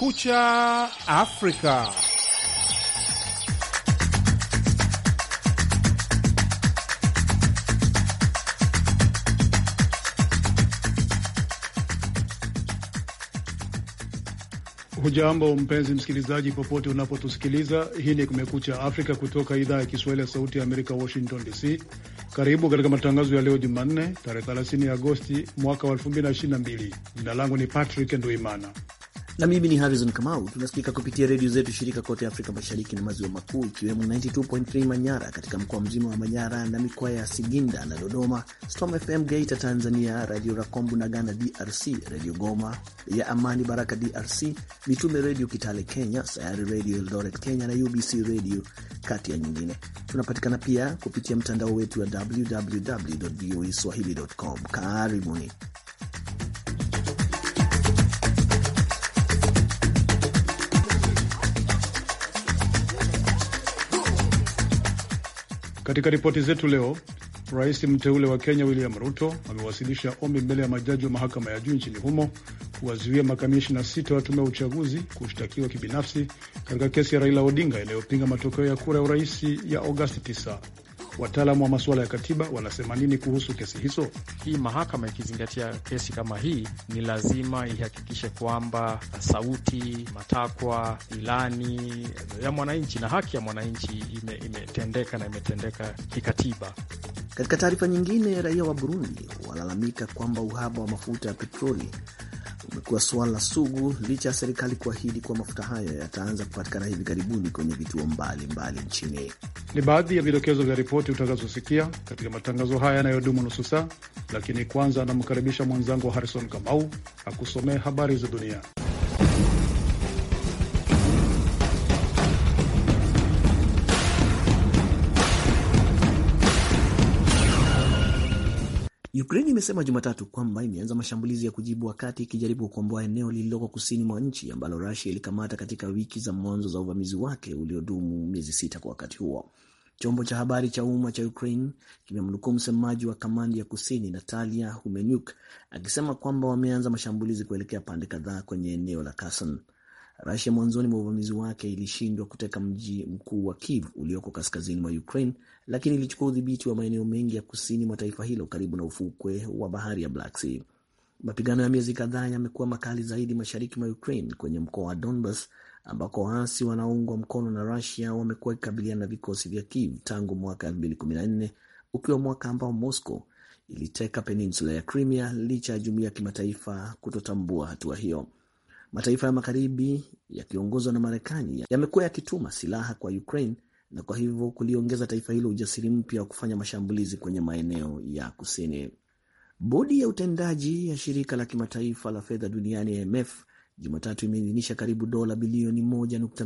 Kumekucha Afrika. Hujambo mpenzi msikilizaji, popote unapotusikiliza. Hii ni Kumekucha Afrika kutoka idhaa ya Kiswahili ya Sauti ya Amerika, Washington DC. Karibu katika matangazo ya leo Jumanne, tarehe 30 Agosti mwaka wa 2022. Jina langu ni Patrick Nduimana na mimi ni Harrison Kamau. Tunasikika kupitia redio zetu shirika kote Afrika Mashariki na Maziwa Makuu, ikiwemo 92.3 Manyara katika mkoa mzima wa Manyara na mikoa ya Siginda na Dodoma, Storm FM Geita Tanzania, Radio Rakombu na Ghana DRC, radio Goma ya Amani Baraka DRC, Mitume Redio Kitale Kenya, Sayari Redio Eldoret Kenya na UBC Redio kati ya nyingine. Tunapatikana pia kupitia mtandao wetu wa www voa e swahili.com. Karibuni. Katika ripoti zetu leo, rais mteule wa Kenya William Ruto amewasilisha ombi mbele ya majaji wa mahakama ya juu nchini humo kuwazuia makamishina sita wa tume ya uchaguzi kushtakiwa kibinafsi katika kesi ya Raila Odinga inayopinga matokeo ya kura ya uraisi ya Agosti 9. Wataalamu wa masuala ya katiba wanasema nini kuhusu kesi hizo? Hii mahakama ikizingatia kesi kama hii, ni lazima ihakikishe kwamba sauti, matakwa, ilani ya mwananchi na haki ya mwananchi imetendeka ime na imetendeka kikatiba. Katika taarifa nyingine, raia wa Burundi walalamika kwamba uhaba wa mafuta ya petroli umekuwa suala sugu licha ya serikali kuahidi kuwa mafuta hayo yataanza kupatikana hivi karibuni kwenye vituo mbalimbali nchini. Ni baadhi ya vidokezo vya ripoti utakazosikia katika matangazo haya yanayodumu nusu saa, lakini kwanza anamkaribisha mwenzangu Harrison Kamau akusomee habari za dunia. Ukraine imesema Jumatatu kwamba imeanza mashambulizi ya kujibu wakati ikijaribu kukomboa eneo lililoko kusini mwa nchi ambalo rasia ilikamata katika wiki za mwanzo za uvamizi wake uliodumu miezi sita. Kwa wakati huo, chombo cha habari cha umma cha Ukraine kimemnukuu msemaji wa kamandi ya kusini Natalia Humenyuk akisema kwamba wameanza mashambulizi kuelekea pande kadhaa kwenye eneo la Kherson. rasia mwanzoni mwa uvamizi wake ilishindwa kuteka mji mkuu wa Kiev ulioko kaskazini mwa Ukraine lakini ilichukua udhibiti wa maeneo mengi ya kusini mwa taifa hilo karibu na ufukwe wa bahari ya Black Sea. Mapigano ya miezi kadhaa yamekuwa makali zaidi mashariki mwa Ukraine kwenye mkoa wa Donbas ambako waasi wanaoungwa mkono na Rusia wamekuwa wakikabiliana na vikosi vya Kiev tangu mwaka 2014 ukiwa mwaka ambao Moscow iliteka peninsula ya Crimea licha ya jumuia ya kimataifa kutotambua hatua hiyo. Mataifa ya magharibi yakiongozwa na Marekani yamekuwa yakituma silaha kwa Ukraine na kwa hivyo kuliongeza taifa hilo ujasiri mpya wa kufanya mashambulizi kwenye maeneo ya kusini. Bodi ya utendaji ya shirika la kimataifa la fedha duniani IMF Jumatatu imeidhinisha karibu dola bilioni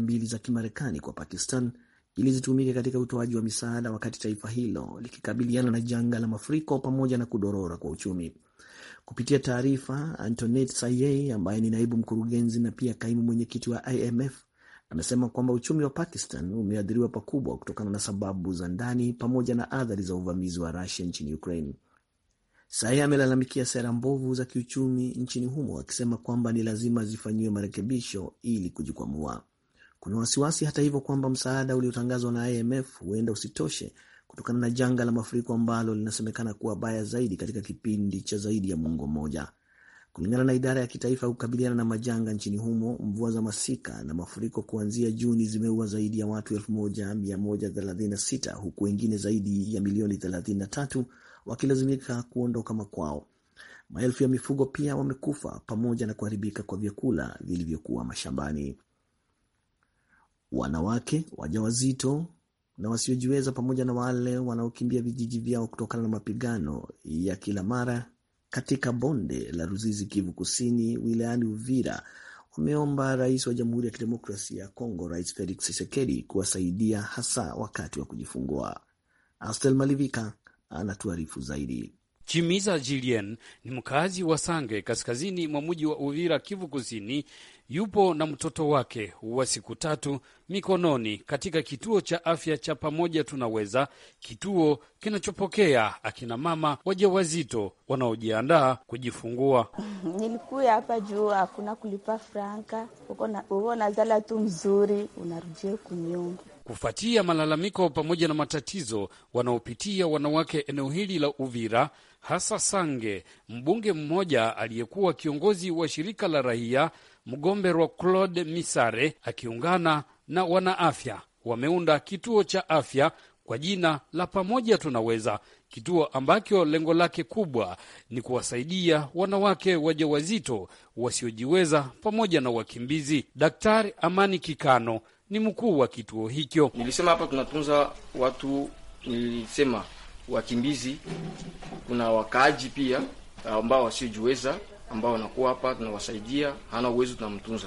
mbili za Kimarekani kwa Pakistan ili zitumike katika utoaji wa misaada wakati taifa hilo likikabiliana na janga la mafuriko pamoja na kudorora kwa uchumi. Kupitia taarifa, Antoinette Sayei ambaye ni naibu mkurugenzi na pia kaimu mwenyekiti wa IMF amesema kwamba uchumi wa Pakistan umeathiriwa pakubwa kutokana na sababu za ndani pamoja na athari za uvamizi wa Rusia nchini Ukraine. Sahi amelalamikia sera mbovu za kiuchumi nchini humo akisema kwamba ni lazima zifanyiwe marekebisho ili kujikwamua. Kuna wasiwasi hata hivyo kwamba msaada uliotangazwa na IMF huenda usitoshe kutokana na janga la mafuriko ambalo linasemekana kuwa baya zaidi katika kipindi cha zaidi ya muongo mmoja. Kulingana na idara ya kitaifa ya kukabiliana na majanga nchini humo, mvua za masika na mafuriko kuanzia Juni zimeua zaidi ya watu 1136 huku wengine zaidi ya milioni 33 wakilazimika kuondoka makwao. Maelfu ya mifugo pia wamekufa pamoja na kuharibika kwa vyakula vilivyokuwa mashambani. Wanawake wajawazito na wasiojiweza pamoja na wale wanaokimbia vijiji vyao kutokana na mapigano ya kila mara katika bonde la Ruzizi, Kivu Kusini, wilayani Uvira wameomba rais wa Jamhuri ya Kidemokrasia ya Kongo, Rais Felix Tshisekedi kuwasaidia hasa wakati wa kujifungua. Astel Malivika anatuarifu zaidi. Chimiza Julien ni mkazi wa Sange kaskazini mwa mji wa Uvira, Kivu Kusini. Yupo na mtoto wake wa siku tatu mikononi katika kituo cha afya cha Pamoja Tunaweza, kituo kinachopokea akina mama wajawazito wanaojiandaa kujifungua. Nilikuya hapa juu hakuna kulipa franka, uko nazala tu mzuri, unarujie kunyumba kufuatia malalamiko pamoja na matatizo wanaopitia wanawake eneo hili la Uvira, hasa Sange. Mbunge mmoja aliyekuwa kiongozi wa shirika la raia Mgomberwa Claude Misare akiungana na wanaafya wameunda kituo cha afya kwa jina la Pamoja Tunaweza, kituo ambacho lengo lake kubwa ni kuwasaidia wanawake wajawazito wasiojiweza pamoja na wakimbizi. Daktari Amani Kikano ni mkuu wa kituo hicho. Nilisema hapa tunatunza watu, nilisema wakimbizi, kuna wakaaji pia ambao wasiojiweza ambao wanakuwa hapa, tunawasaidia. Hana uwezo, tunamtunza.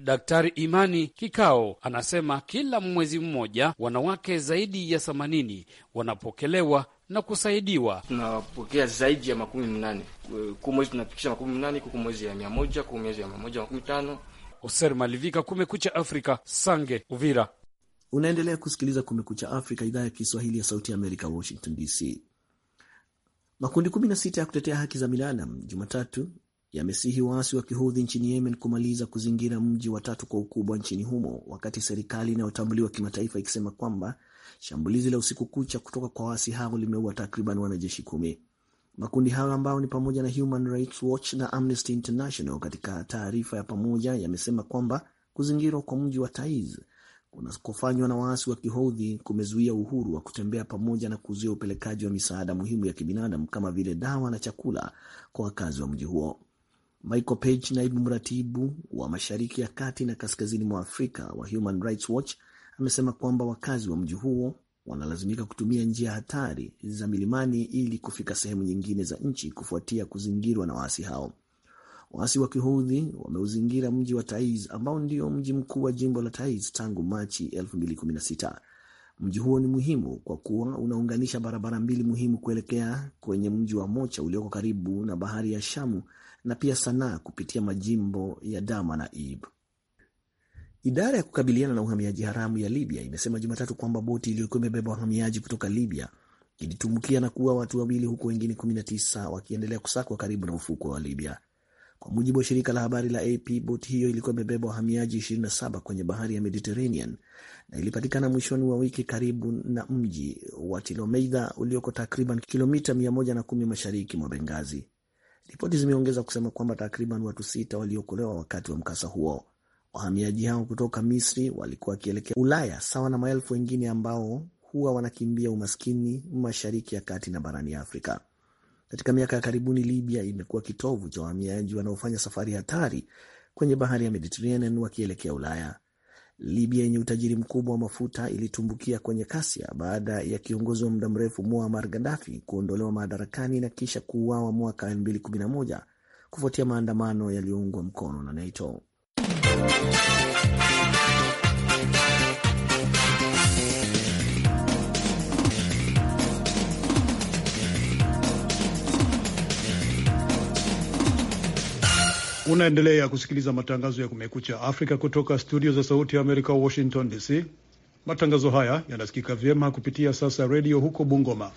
Daktari Imani Kikao anasema kila mwezi mmoja wanawake zaidi ya themanini wanapokelewa na kusaidiwa. Tunapokea zaidi ya makumi mnane kwa mwezi, tunapikisha makumi mnane kwa mwezi ya mia moja kwa mwezi ya mia moja makumi tano Oser Malivika, Kumekucha Afrika, Sange, Uvira. Unaendelea kusikiliza Kumekucha Afrika, idhaa ya Kiswahili ya Sauti ya Amerika, Washington DC. Makundi 16 ya kutetea haki za binadamu Jumatatu yamesihi waasi wa kihudhi nchini Yemen kumaliza kuzingira mji wa tatu kwa ukubwa nchini humo, wakati serikali inayotambuliwa kimataifa ikisema kwamba shambulizi la usiku kucha kutoka kwa waasi hao limeua takriban wanajeshi kumi. Makundi hayo ambayo ni pamoja na Human Rights Watch na Amnesty International katika taarifa ya pamoja yamesema kwamba kuzingirwa kwa mji wa Taiz kunakofanywa na waasi wa Kihoudhi kumezuia uhuru wa kutembea pamoja na kuzuia upelekaji wa misaada muhimu ya kibinadamu kama vile dawa na chakula kwa wakazi wa mji huo. Michael Page, naibu mratibu wa mashariki ya kati na kaskazini mwa Afrika wa Human Rights Watch, amesema kwamba wakazi wa mji huo wanalazimika kutumia njia hatari za milimani ili kufika sehemu nyingine za nchi kufuatia kuzingirwa na waasi hao. Waasi wa kihoudhi wameuzingira mji wa Taiz ambao ndio mji mkuu wa jimbo la Taiz tangu Machi 2016. Mji huo ni muhimu kwa kuwa unaunganisha barabara mbili muhimu kuelekea kwenye mji wa Mocha ulioko karibu na bahari ya Shamu na pia Sanaa kupitia majimbo ya Dama na Ibu. Idara ya kukabiliana na uhamiaji haramu ya Libya imesema Jumatatu kwamba boti iliyokuwa imebeba wahamiaji kutoka Libya ilitumbukia na kuua watu wawili huku wengine 19 wakiendelea kusakwa karibu na ufukwe wa Libya. Kwa mujibu wa shirika la habari la AP, boti hiyo ilikuwa imebeba wahamiaji 27 kwenye bahari ya Mediterranean na ilipatikana mwishoni wa wiki karibu na mji wa Tilomeida ulioko takriban kilomita 110 mashariki mwa Bengazi. Ripoti zimeongeza kusema kwamba takriban watu sita waliokolewa wakati wa mkasa huo. Wahamiaji hao kutoka Misri walikuwa wakielekea Ulaya sawa na maelfu wengine ambao huwa wanakimbia umaskini Mashariki ya Kati na barani Afrika. Katika miaka ya karibuni, Libya imekuwa kitovu cha wahamiaji wanaofanya safari hatari kwenye bahari ya Mediterranean wakielekea Ulaya. Libya yenye utajiri mkubwa wa mafuta ilitumbukia kwenye kasia baada ya kiongozi wa muda mrefu Muammar Gaddafi kuondolewa madarakani na kisha kuuawa mwaka 2011 kufuatia maandamano yaliyoungwa mkono na NATO. Unaendelea kusikiliza matangazo ya Kumekucha Afrika kutoka studio za Sauti ya Amerika, Washington DC. Matangazo haya yanasikika vyema kupitia Sasa Redio huko Bungoma.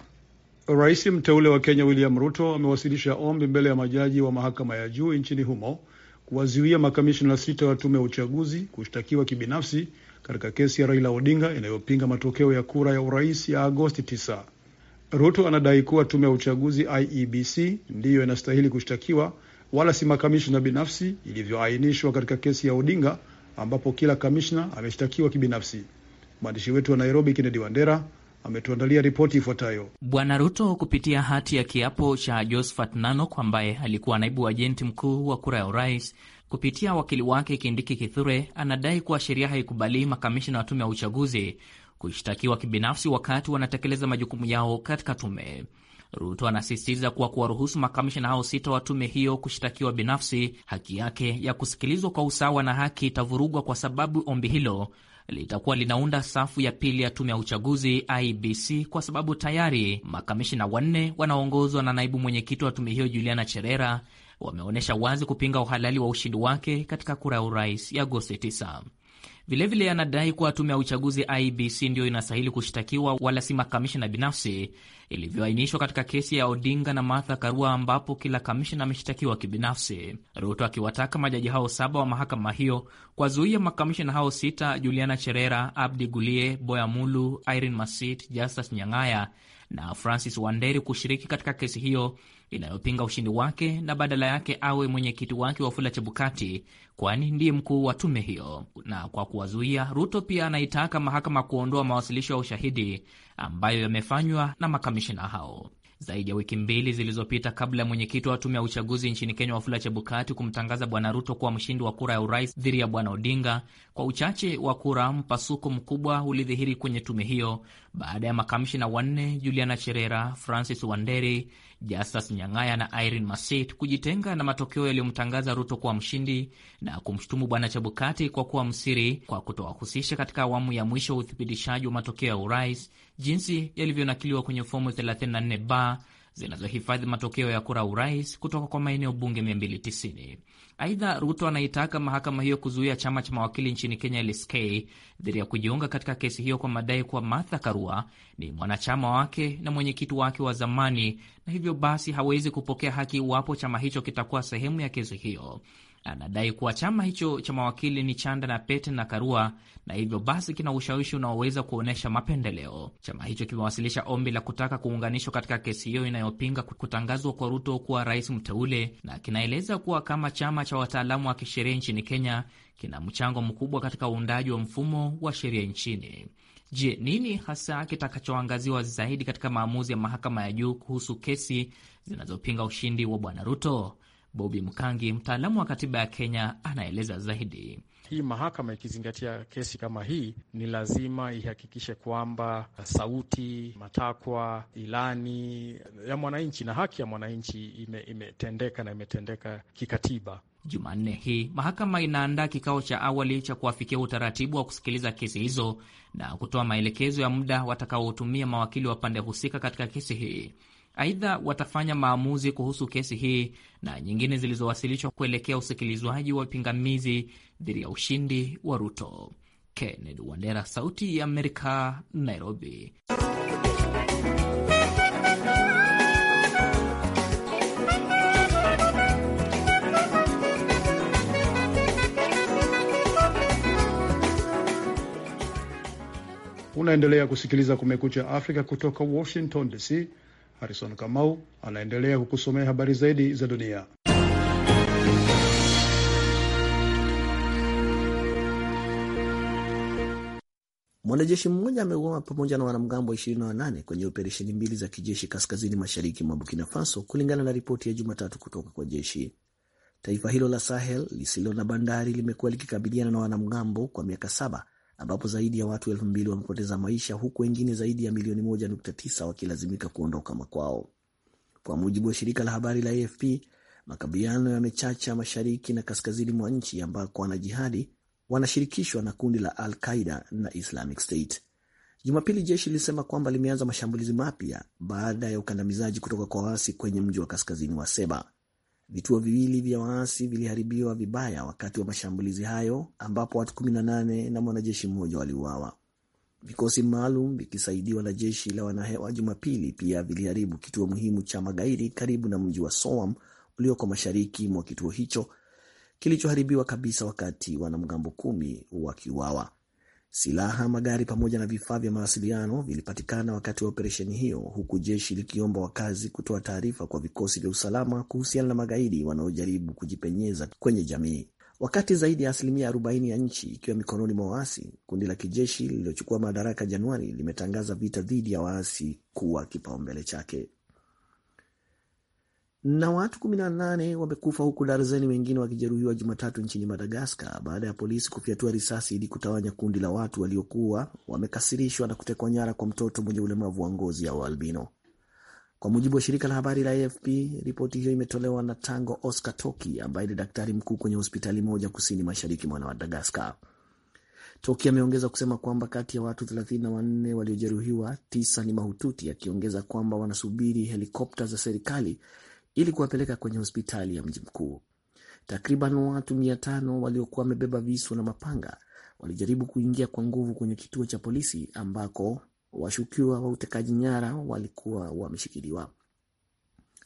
Rais mteule wa Kenya William Ruto amewasilisha ombi mbele ya majaji wa mahakama ya juu nchini humo kuwazuia makamishna sita wa tume ya uchaguzi kushtakiwa kibinafsi katika kesi ya Raila Odinga inayopinga matokeo ya kura ya urais ya Agosti 9. Ruto anadai kuwa tume ya uchaguzi IEBC ndiyo inastahili kushtakiwa wala si makamishna binafsi ilivyoainishwa katika kesi ya Odinga ambapo kila kamishna ameshtakiwa kibinafsi. Mwandishi wetu wa Nairobi Kennedy Wandera ametuandalia ripoti ifuatayo. Bwana Ruto kupitia hati ya kiapo cha Josephat Nanok ambaye alikuwa naibu ajenti mkuu wa kura ya urais kupitia wakili wake Kindiki Kithure anadai kuwa sheria haikubali makamishina wa tume ya uchaguzi kushtakiwa kibinafsi wakati wanatekeleza majukumu yao katika tume. Ruto anasisitiza kuwa kuwaruhusu makamishina hao sita wa tume hiyo kushtakiwa binafsi, haki yake ya kusikilizwa kwa usawa na haki itavurugwa kwa sababu ombi hilo litakuwa linaunda safu ya pili ya tume ya uchaguzi IBC kwa sababu tayari makamishina wanne wanaongozwa na naibu mwenyekiti wa tume hiyo Juliana Cherera wameonyesha wazi kupinga uhalali wa ushindi wake katika kura ya urais ya Agosti 9. Vilevile anadai kuwa tume ya uchaguzi IBC ndiyo inastahili kushtakiwa wala si makamishina binafsi, ilivyoainishwa katika kesi ya Odinga na Martha Karua, ambapo kila kamishina ameshtakiwa kibinafsi. Ruto akiwataka majaji hao saba wa mahakama hiyo kuwazuia makamishina hao sita, Juliana Cherera, Abdi Gulie, Boya Mulu, Irene Masit, Justus Nyang'aya na Francis Wanderi kushiriki katika kesi hiyo inayopinga ushindi wake na badala yake awe mwenyekiti wake Wafula Chebukati, kwani ndiye mkuu wa tume hiyo. Na kwa kuwazuia, Ruto pia anaitaka mahakama kuondoa mawasilisho ya ushahidi ambayo yamefanywa na makamishina hao. Zaidi ya wiki mbili zilizopita kabla ya mwenyekiti wa tume ya uchaguzi nchini Kenya Wafula Chebukati kumtangaza bwana Ruto kuwa mshindi wa kura ya urais dhidi ya bwana Odinga kwa uchache wa kura, mpasuko mkubwa ulidhihiri kwenye tume hiyo baada ya makamishina wanne Juliana Cherera, Francis Wanderi, Justus Nyang'aya na Irene Masit kujitenga na matokeo yaliyomtangaza Ruto kuwa mshindi na kumshutumu Bwana Chebukati kwa kuwa msiri kwa kutowahusisha katika awamu ya mwisho wa uthibitishaji wa matokeo ya urais jinsi yalivyonakiliwa kwenye fomu 34 b zinazohifadhi matokeo ya kura urais kutoka kwa maeneo bunge 290. Aidha, Ruto anaitaka mahakama hiyo kuzuia chama cha mawakili nchini Kenya, LSK, dhidi ya kujiunga katika kesi hiyo kwa madai kuwa Martha Karua ni mwanachama wake na mwenyekiti wake wa zamani, na hivyo basi hawezi kupokea haki iwapo chama hicho kitakuwa sehemu ya kesi hiyo anadai kuwa chama hicho cha mawakili ni chanda na pete na karua na hivyo basi kina ushawishi unaoweza kuonyesha mapendeleo. Chama hicho kimewasilisha ombi la kutaka kuunganishwa katika kesi hiyo inayopinga kutangazwa kwa Ruto kuwa rais mteule, na kinaeleza kuwa kama chama cha wataalamu wa kisheria nchini Kenya kina mchango mkubwa katika uundaji wa mfumo wa sheria nchini. Je, nini hasa kitakachoangaziwa zaidi katika maamuzi ya mahakama ya juu kuhusu kesi zinazopinga ushindi wa bwana Ruto? Bobi Mkangi, mtaalamu wa katiba ya Kenya, anaeleza zaidi. Hii mahakama ikizingatia kesi kama hii, ni lazima ihakikishe kwamba sauti, matakwa, ilani ya mwananchi na haki ya mwananchi imetendeka ime na imetendeka kikatiba. Jumanne hii mahakama inaandaa kikao cha awali cha kuafikia utaratibu wa kusikiliza kesi hizo na kutoa maelekezo ya muda watakaotumia mawakili wa pande husika katika kesi hii. Aidha, watafanya maamuzi kuhusu kesi hii na nyingine zilizowasilishwa kuelekea usikilizwaji wa pingamizi dhidi ya ushindi wa Ruto. Kennedy Wandera, Sauti ya Amerika, Nairobi. Unaendelea kusikiliza Kumekucha Afrika kutoka Washington DC. Harison Kamau anaendelea kukusomea habari zaidi za dunia. Mwanajeshi mmoja ameuawa pamoja na wanamgambo 28 kwenye operesheni mbili za kijeshi kaskazini mashariki mwa Burkina Faso, kulingana na ripoti ya Jumatatu kutoka kwa jeshi. Taifa hilo la Sahel lisilo na bandari limekuwa likikabiliana na wanamgambo kwa miaka saba ambapo zaidi ya watu elfu mbili wamepoteza maisha huku wengine zaidi ya milioni moja nukta tisa wakilazimika kuondoka makwao. Kwa mujibu wa shirika la habari la AFP, makabiliano yamechacha mashariki na kaskazini mwa nchi ambako wanajihadi wanashirikishwa na kundi la Al Qaida na Islamic State. Jumapili jeshi lilisema kwamba limeanza mashambulizi mapya baada ya ukandamizaji kutoka kwa waasi kwenye mji wa kaskazini wa Seba. Vituo viwili vya waasi viliharibiwa vibaya wakati wa mashambulizi hayo ambapo watu 18 na mwanajeshi mmoja waliuawa. Vikosi maalum vikisaidiwa na jeshi la wanahewa Jumapili pia viliharibu kituo muhimu cha magaidi karibu na mji wa Soam ulioko mashariki mwa kituo hicho kilichoharibiwa kabisa wakati wanamgambo kumi wakiuawa. Silaha, magari pamoja na vifaa vya mawasiliano vilipatikana wakati wa operesheni hiyo, huku jeshi likiomba wakazi kutoa taarifa kwa vikosi vya usalama kuhusiana na magaidi wanaojaribu kujipenyeza kwenye jamii. Wakati zaidi ya asilimia 40 ya nchi ikiwa mikononi mwa waasi, kundi la kijeshi lililochukua madaraka Januari limetangaza vita dhidi ya waasi kuwa kipaumbele chake na watu 18 wamekufa huku darzeni wengine wakijeruhiwa Jumatatu nchini Madagaskar baada ya polisi kufyatua risasi ili kutawanya kundi la watu waliokuwa wamekasirishwa na kutekwa nyara kwa mtoto mwenye ulemavu wa ngozi au albino. Kwa mujibu wa shirika la habari la AFP, ripoti hiyo imetolewa na Tango Oscar Toki ambaye ni daktari mkuu kwenye hospitali moja kusini mashariki mwa Madagaskar. Toki ameongeza kusema kwamba kati ya watu 34 waliojeruhiwa, tisa ni mahututi, akiongeza kwamba wanasubiri helikopta za serikali ili kuwapeleka kwenye hospitali ya mji mkuu. Takriban watu mia tano waliokuwa wamebeba visu na mapanga walijaribu kuingia kwa nguvu kwenye kituo cha polisi ambako washukiwa wa utekaji nyara walikuwa wameshikiliwa.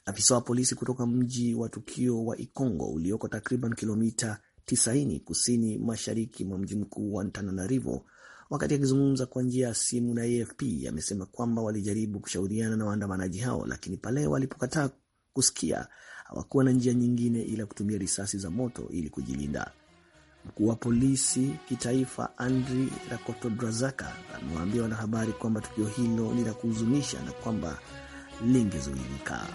Afisa wa polisi kutoka mji wa tukio wa Ikongo ulioko takriban kilomita 90 kusini mashariki mwa mji mkuu wa Antananarivo, wakati akizungumza kwa njia ya simu na AFP, amesema kwamba walijaribu kushauriana na waandamanaji hao, lakini pale walipokataa kusikia, hawakuwa na njia nyingine ila kutumia risasi za moto ili kujilinda. Mkuu wa polisi kitaifa Andri Rakotodrazaka amewaambia wanahabari kwamba tukio hilo ni la kuhuzunisha na kwamba lingezuilika.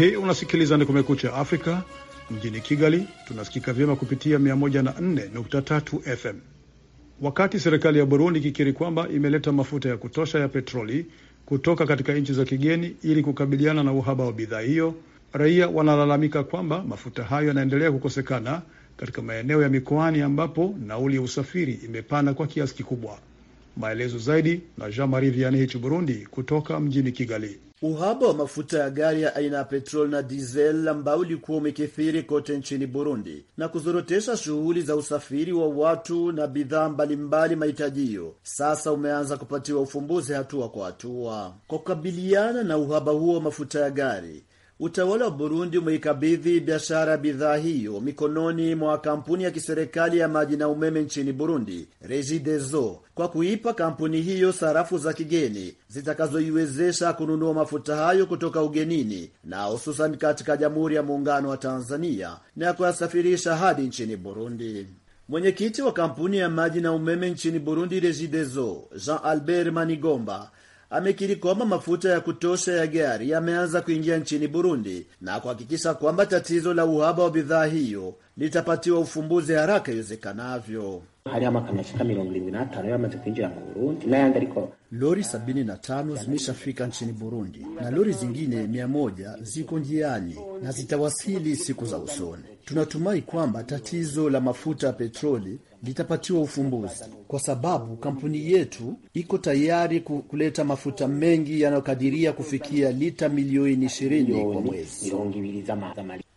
Hii unasikiliza ni Kumekucha Afrika. Mjini Kigali tunasikika vyema kupitia 104.3 FM. Wakati serikali ya Burundi ikikiri kwamba imeleta mafuta ya kutosha ya petroli kutoka katika nchi za kigeni ili kukabiliana na uhaba wa bidhaa hiyo, raia wanalalamika kwamba mafuta hayo yanaendelea kukosekana katika maeneo ya mikoani ambapo nauli ya usafiri imepanda kwa kiasi kikubwa. Maelezo zaidi na Jean Marie Vianney Burundi kutoka mjini Kigali. Uhaba wa mafuta ya gari ya aina ya petroli na dizel ambao ulikuwa umekithiri kote nchini Burundi na kuzorotesha shughuli za usafiri wa watu na bidhaa mbalimbali mahitajio, sasa umeanza kupatiwa ufumbuzi hatua kwa hatua. Kwa kukabiliana na uhaba huo wa mafuta ya gari, utawala wa Burundi umeikabidhi biashara ya bidhaa hiyo mikononi mwa kampuni ya kiserikali ya maji na umeme nchini Burundi, Regideso, kwa kuipa kampuni hiyo sarafu za kigeni zitakazoiwezesha kununua mafuta hayo kutoka ugenini na hususan katika Jamhuri ya Muungano wa Tanzania na kuyasafirisha hadi nchini Burundi. Mwenyekiti wa kampuni ya maji na umeme nchini Burundi, Regideso, Jean Albert Manigomba amekiri kwamba mafuta ya kutosha ya gari yameanza kuingia nchini Burundi na kuhakikisha kwamba tatizo la uhaba wa bidhaa hiyo litapatiwa ufumbuzi haraka iwezekanavyo. Lori 75 zimeshafika nchini Burundi na lori zingine 100 ziko njiani na zitawasili siku za usoni. Tunatumai kwamba tatizo la mafuta ya petroli litapatiwa ufumbuzi, kwa sababu kampuni yetu iko tayari kuleta mafuta mengi yanayokadiria kufikia lita milioni ishirini kwa mwezi.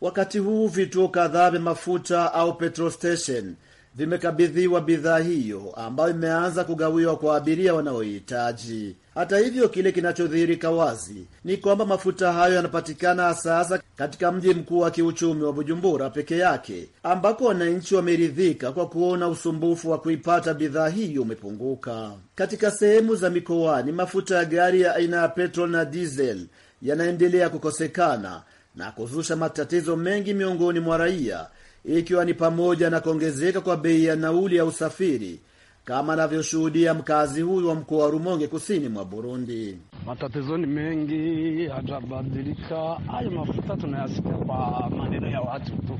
Wakati huu vituo kadhaa vya mafuta au petrol station vimekabidhiwa bidhaa hiyo ambayo imeanza kugawiwa kwa abiria wanaohitaji. Hata hivyo, kile kinachodhihirika wazi ni kwamba mafuta hayo yanapatikana sasa katika mji mkuu wa kiuchumi wa Bujumbura peke yake, ambako wananchi wameridhika kwa kuona usumbufu wa kuipata bidhaa hiyo umepunguka. Katika sehemu za mikoani, mafuta ya gari ya aina ya petrol na diesel yanaendelea kukosekana na kuzusha matatizo mengi miongoni mwa raia ikiwa ni pamoja na kuongezeka kwa bei ya nauli ya usafiri kama anavyoshuhudia mkazi huyu wa mkoa wa Rumonge, kusini mwa Burundi. Matatizo ni mengi, hajabadilika. Hayo mafuta tunayasikia kwa maneno ya watu tu,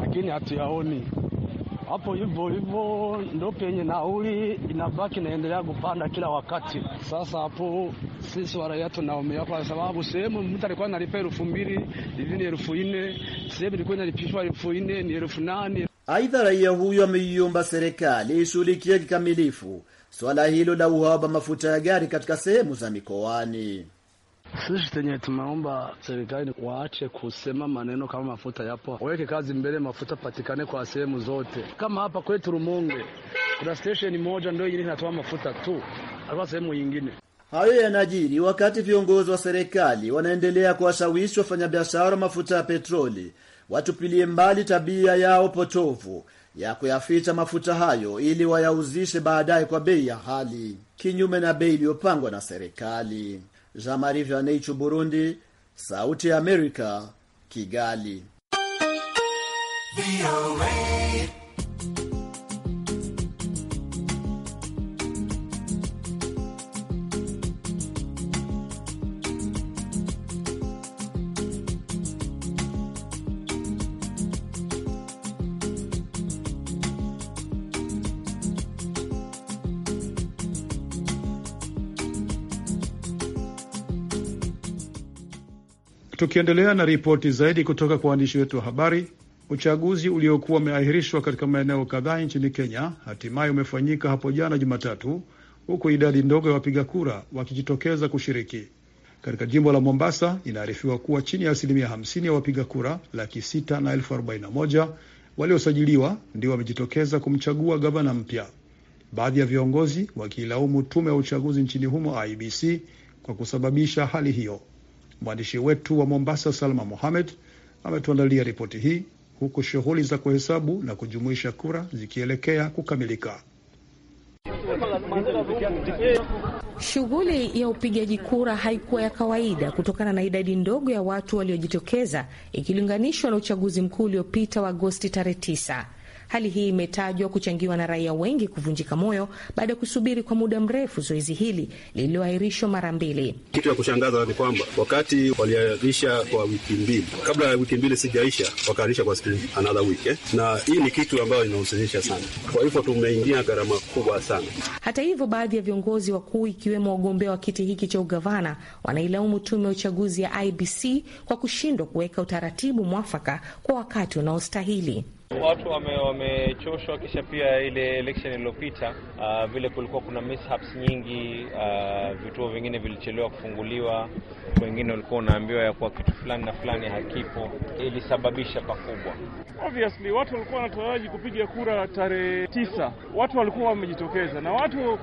lakini hatuyaoni hapo hivyo hivyo, ndo penye nauli inabaki naendelea kupanda kila wakati. Sasa hapo sisi raia tunaumia, kwa sababu sehemu mtu alikuwa analipa elfu mbili hivi ni elfu nne sehemu ilikuwa inalipishwa elfu nne ni elfu nane Aidha, raia huyo ameiomba serikali ishughulikie kikamilifu swala hilo la uhaba mafuta ya gari katika sehemu za mikoani. Sisi tenye tumeomba serikali waache kusema maneno kama mafuta yapo, waweke kazi mbele, mafuta patikane kwa sehemu zote. Kama hapa kwetu Rumonge kuna stesheni moja ndio yenyewe inatoa mafuta tu, alikuwa sehemu nyingine. Hayo yanajiri wakati viongozi wa serikali wanaendelea kuwashawishi wafanyabiashara mafuta ya petroli watupilie mbali tabia yao potovu ya kuyaficha mafuta hayo ili wayauzishe baadaye kwa bei ya hali, kinyume na bei iliyopangwa na serikali. Jean Marie Burundi. Sauti ya Amerika, Kigali. Tukiendelea na ripoti zaidi kutoka kwa waandishi wetu wa habari, uchaguzi uliokuwa umeahirishwa katika maeneo kadhaa nchini Kenya hatimaye umefanyika hapo jana Jumatatu, huku idadi ndogo ya wapiga kura wakijitokeza kushiriki. Katika jimbo la Mombasa inaarifiwa kuwa chini ya asilimia 50 ya wapiga kura laki sita na elfu arobaini na moja waliosajiliwa ndio wamejitokeza kumchagua gavana mpya, baadhi ya viongozi wakiilaumu tume ya uchaguzi nchini humo IBC kwa kusababisha hali hiyo. Mwandishi wetu wa Mombasa, Salma Mohamed, ametuandalia ripoti hii, huku shughuli za kuhesabu na kujumuisha kura zikielekea kukamilika. Shughuli ya upigaji kura haikuwa ya kawaida kutokana na idadi ndogo ya watu waliojitokeza ikilinganishwa na uchaguzi mkuu uliopita wa Agosti tarehe 9. Hali hii imetajwa kuchangiwa na raia wengi kuvunjika moyo baada ya kusubiri kwa muda mrefu zoezi hili lililoahirishwa mara mbili. Kitu ya kushangaza ni kwamba wakati waliahirisha kwa wiki mbili, kabla ya wiki mbili sijaisha, wakaahirisha kwa siku another week eh? na hii ni kitu ambayo inahusinisha sana. Kwa hivyo tumeingia gharama kubwa sana. Hata hivyo, baadhi ya viongozi wakuu ikiwemo wagombea wa kiti hiki cha ugavana wanailaumu tume ya uchaguzi ya IBC kwa kushindwa kuweka utaratibu mwafaka kwa wakati unaostahili. Watu wamechoshwa wame, kisha pia ile election iliyopita, uh, vile kulikuwa kuna mishaps nyingi uh, vituo vingine vilichelewa kufunguliwa, wengine walikuwa wanaambiwa ya kuwa kitu fulani na fulani hakipo, ilisababisha pakubwa. Obviously watu walikuwa wanataraji kupiga kura tarehe tisa, watu walikuwa wamejitokeza na watu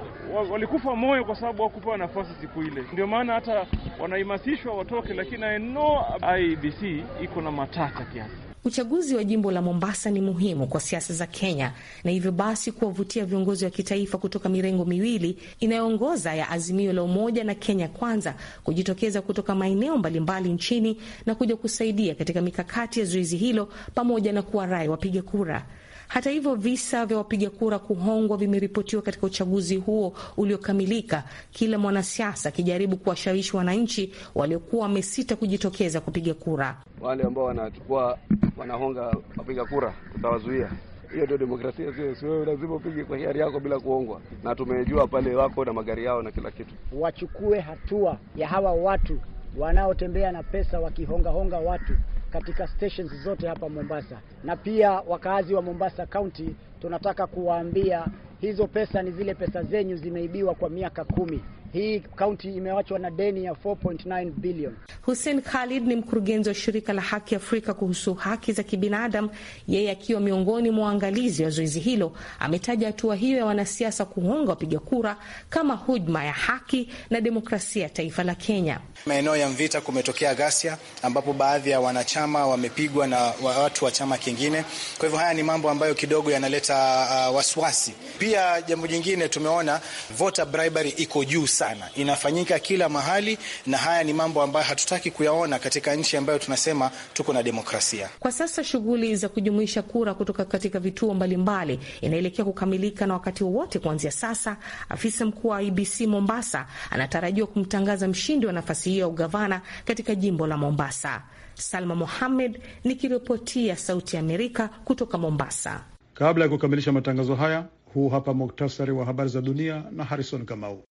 walikufa moyo kwa sababu hawakupewa nafasi siku ile, ndio maana hata wanaimasishwa watoke, lakini I know IBC iko na matata kiasi Uchaguzi wa jimbo la Mombasa ni muhimu kwa siasa za Kenya na hivyo basi kuwavutia viongozi wa kitaifa kutoka mirengo miwili inayoongoza ya Azimio la Umoja na Kenya Kwanza kujitokeza kutoka maeneo mbalimbali nchini na kuja kusaidia katika mikakati ya zoezi hilo pamoja na kuwarai wapiga kura. Hata hivyo, visa vya wapiga kura kuhongwa vimeripotiwa katika uchaguzi huo uliokamilika, kila mwanasiasa akijaribu kuwashawishi wananchi waliokuwa wamesita kujitokeza kupiga kura. Wale ambao wanachukua wanahonga wapiga kura, tutawazuia. Hiyo ndio demokrasia, sio sio, lazima upige kwa hiari yako bila kuongwa, na tumejua pale wako na magari yao na kila kitu. Wachukue hatua ya hawa watu wanaotembea na pesa wakihongahonga watu katika stations zote hapa Mombasa, na pia wakazi wa Mombasa County tunataka kuwaambia hizo pesa ni zile pesa zenyu zimeibiwa kwa miaka kumi. Hii kaunti imewachwa na deni ya 4.9 bilioni. Hussein Khalid ni mkurugenzi wa shirika la Haki Afrika kuhusu haki za kibinadamu. Yeye akiwa miongoni mwa waangalizi wa zoezi hilo, ametaja hatua hiyo ya wanasiasa kuhonga wapiga kura kama hujuma ya haki na demokrasia ya taifa la Kenya. Maeneo ya Mvita kumetokea ghasia ambapo baadhi ya wanachama wamepigwa na watu wa chama kingine. Kwa hivyo haya ni mambo ambayo kidogo yanaleta uh, wasiwasi. Pia jambo jingine tumeona voter bribery iko juu sana, inafanyika kila mahali, na haya ni mambo ambayo hatutaki kuyaona katika nchi ambayo tunasema tuko na demokrasia. Kwa sasa shughuli za kujumuisha kura kutoka katika vituo mbalimbali inaelekea kukamilika na wakati wowote kuanzia sasa, afisa mkuu wa IBC Mombasa anatarajiwa kumtangaza mshindi wa nafasi hiyo ya ugavana katika jimbo la Mombasa. Salma Mohamed nikiripotia Sauti ya Amerika kutoka Mombasa. Kabla ya kukamilisha matangazo haya, huu hapa muktasari wa habari za dunia na Harrison Kamau.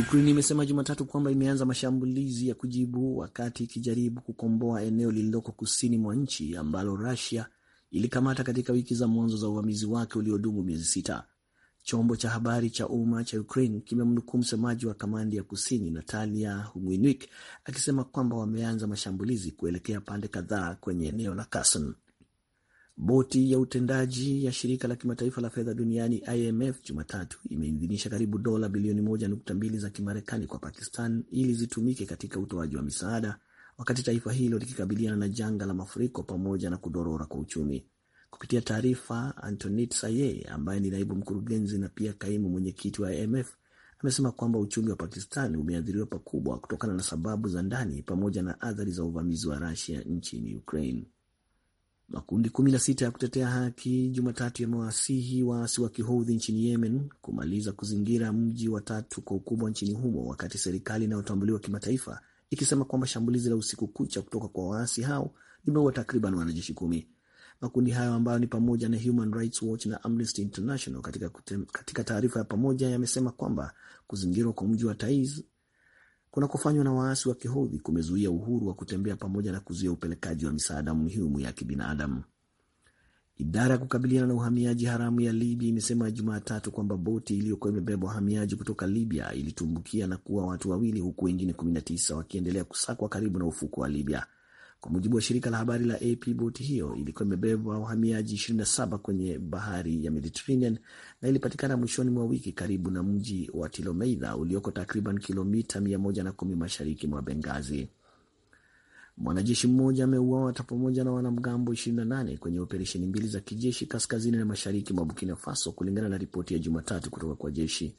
Ukraine imesema Jumatatu kwamba imeanza mashambulizi ya kujibu wakati ikijaribu kukomboa eneo lililoko kusini mwa nchi ambalo Russia ilikamata katika wiki za mwanzo za uvamizi wake uliodumu miezi sita. Chombo cha habari cha umma cha Ukraine kimemnukuu msemaji wa kamandi ya kusini Natalia Humwinwik akisema kwamba wameanza mashambulizi kuelekea pande kadhaa kwenye eneo la Kherson. Boti ya utendaji ya shirika la kimataifa la fedha duniani IMF Jumatatu imeidhinisha karibu dola bilioni 1.2 za Kimarekani kwa Pakistan ili zitumike katika utoaji wa misaada, wakati taifa hilo likikabiliana na janga la mafuriko pamoja na kudorora kwa uchumi. Kupitia taarifa, Antonit Saye ambaye ni naibu mkurugenzi na pia kaimu mwenyekiti wa IMF amesema kwamba uchumi wa Pakistan umeathiriwa pakubwa kutokana na sababu za ndani pamoja na athari za uvamizi wa Rusia nchini Ukraine. Makundi 16 ya kutetea haki Jumatatu yamewasihi waasi wa kihoudhi nchini Yemen kumaliza kuzingira mji wa tatu kwa ukubwa nchini humo, wakati serikali inayotambuliwa kimataifa ikisema kwamba shambulizi la usiku kucha kutoka kwa waasi hao limeua takriban wanajeshi kumi. Makundi hayo ambayo ni pamoja na Human Rights Watch na Amnesty International katika, katika taarifa ya pamoja yamesema kwamba kuzingirwa kwa mji wa Taiz kunakofanywa na waasi wa Kihouthi kumezuia uhuru wa kutembea pamoja na kuzuia upelekaji wa misaada muhimu ya kibinadamu. Idara ya kukabiliana na uhamiaji haramu ya Libya imesema Jumatatu kwamba boti iliyokuwa imebeba wahamiaji kutoka Libya ilitumbukia na kuwa watu wawili huku wengine 19 wakiendelea kusakwa karibu na ufuko wa Libya. Kwa mujibu wa shirika la habari la AP, boti hiyo ilikuwa imebeba wahamiaji 27 kwenye bahari ya Mediterranean na ilipatikana mwishoni mwa wiki karibu na mji wa Tilomeidha ulioko takriban kilomita 110 mashariki mwa Bengazi. Mwanajeshi mmoja ameuawa hata pamoja na wanamgambo 28 kwenye operesheni mbili za kijeshi kaskazini na mashariki mwa Burkina Faso, kulingana na ripoti ya Jumatatu kutoka kwa jeshi.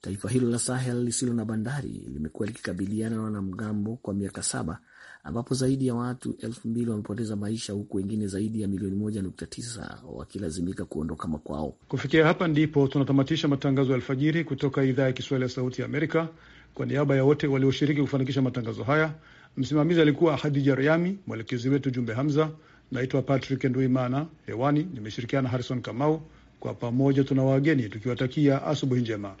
Taifa hilo la Sahel lisilo na bandari limekuwa likikabiliana na wanamgambo kwa miaka saba ambapo zaidi ya watu elfu mbili wamepoteza maisha huku wengine zaidi ya milioni moja nukta tisa wakilazimika kuondoka makwao. Kufikia hapa ndipo tunatamatisha matangazo ya alfajiri kutoka idhaa ya Kiswahili ya Sauti ya Amerika. Kwa niaba ya wote walioshiriki kufanikisha matangazo haya, msimamizi alikuwa Hadija Riami, mwelekezi wetu Jumbe Hamza. Naitwa Patrick Nduimana, hewani nimeshirikiana Harrison Kamau. Kwa pamoja tuna wageni tukiwatakia asubuhi njema.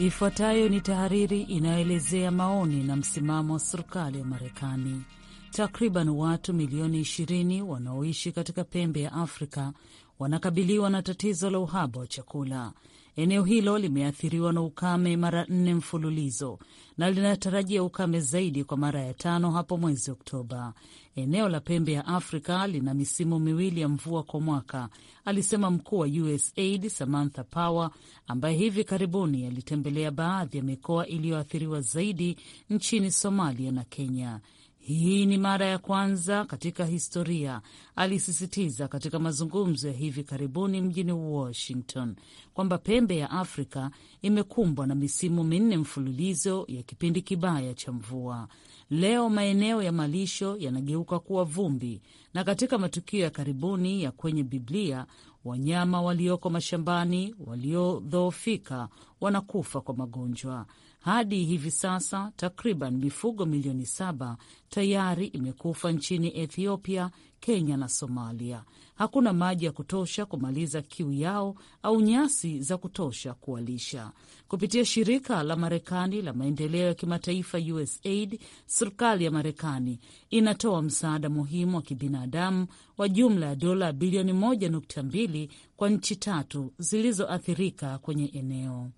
Ifuatayo ni tahariri inayoelezea maoni na msimamo wa serikali ya Marekani. Takriban watu milioni 20 wanaoishi katika pembe ya Afrika wanakabiliwa na tatizo la uhaba wa chakula Eneo hilo limeathiriwa na ukame mara nne mfululizo na linatarajia ukame zaidi kwa mara ya tano hapo mwezi Oktoba. Eneo la pembe ya Afrika lina misimu miwili ya mvua kwa mwaka, alisema mkuu wa USAID Samantha Power, ambaye hivi karibuni alitembelea baadhi ya mikoa iliyoathiriwa zaidi nchini Somalia na Kenya. Hii ni mara ya kwanza katika historia, alisisitiza katika mazungumzo ya hivi karibuni mjini Washington kwamba pembe ya Afrika imekumbwa na misimu minne mfululizo ya kipindi kibaya cha mvua. Leo maeneo ya malisho yanageuka kuwa vumbi, na katika matukio ya karibuni ya kwenye Biblia, wanyama walioko mashambani waliodhoofika wanakufa kwa magonjwa. Hadi hivi sasa takriban mifugo milioni saba tayari imekufa nchini Ethiopia, Kenya na Somalia. Hakuna maji ya kutosha kumaliza kiu yao au nyasi za kutosha kuwalisha. Kupitia shirika la Marekani la maendeleo ya kimataifa USAID, serikali ya Marekani inatoa msaada muhimu wa kibinadamu wa jumla ya dola bilioni 1.2 kwa nchi tatu zilizoathirika kwenye eneo.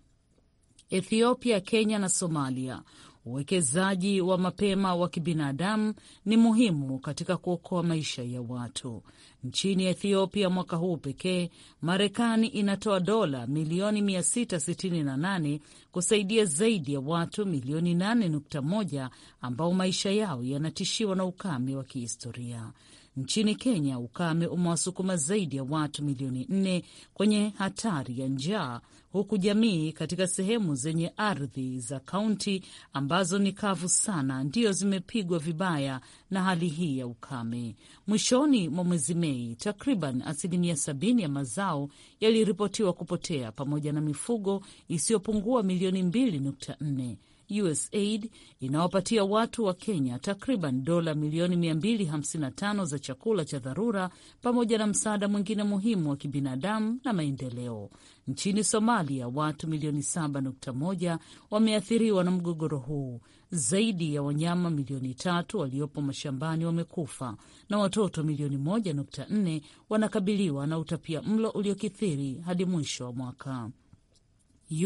Ethiopia, Kenya na Somalia. Uwekezaji wa mapema wa kibinadamu ni muhimu katika kuokoa maisha ya watu. Nchini Ethiopia mwaka huu pekee, Marekani inatoa dola milioni 668 kusaidia zaidi ya watu milioni 8.1 ambao maisha yao yanatishiwa na ukame wa kihistoria. Nchini Kenya, ukame umewasukuma zaidi ya watu milioni nne kwenye hatari ya njaa, huku jamii katika sehemu zenye ardhi za kaunti ambazo ni kavu sana ndiyo zimepigwa vibaya na hali hii ya ukame. Mwishoni mwa mwezi Mei, takriban asilimia sabini ya mazao yaliripotiwa kupotea pamoja na mifugo isiyopungua milioni mbili nukta nne. USAID inawapatia watu wa Kenya takriban dola milioni 255 za chakula cha dharura pamoja na msaada mwingine muhimu wa kibinadamu na maendeleo. Nchini Somalia, watu milioni 7.1 wameathiriwa na mgogoro huu. Zaidi ya wanyama milioni tatu waliopo mashambani wamekufa na watoto milioni 1.4 wanakabiliwa na utapia mlo uliokithiri hadi mwisho wa mwaka.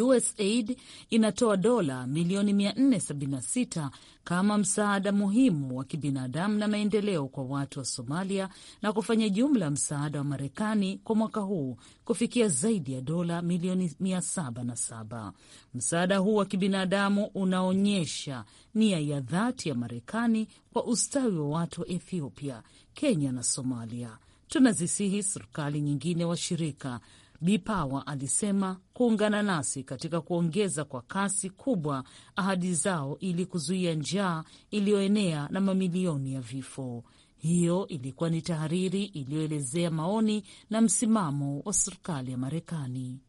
USAID inatoa dola milioni 476 kama msaada muhimu wa kibinadamu na maendeleo kwa watu wa Somalia na kufanya jumla ya msaada wa Marekani kwa mwaka huu kufikia zaidi ya dola milioni 707. Msaada huu wa kibinadamu unaonyesha nia ya dhati ya Marekani kwa ustawi wa watu wa Ethiopia, Kenya na Somalia. Tunazisihi serikali nyingine washirika Bipawa alisema kuungana nasi katika kuongeza kwa kasi kubwa ahadi zao ili kuzuia njaa iliyoenea na mamilioni ya vifo. Hiyo ilikuwa ni tahariri iliyoelezea maoni na msimamo wa serikali ya Marekani.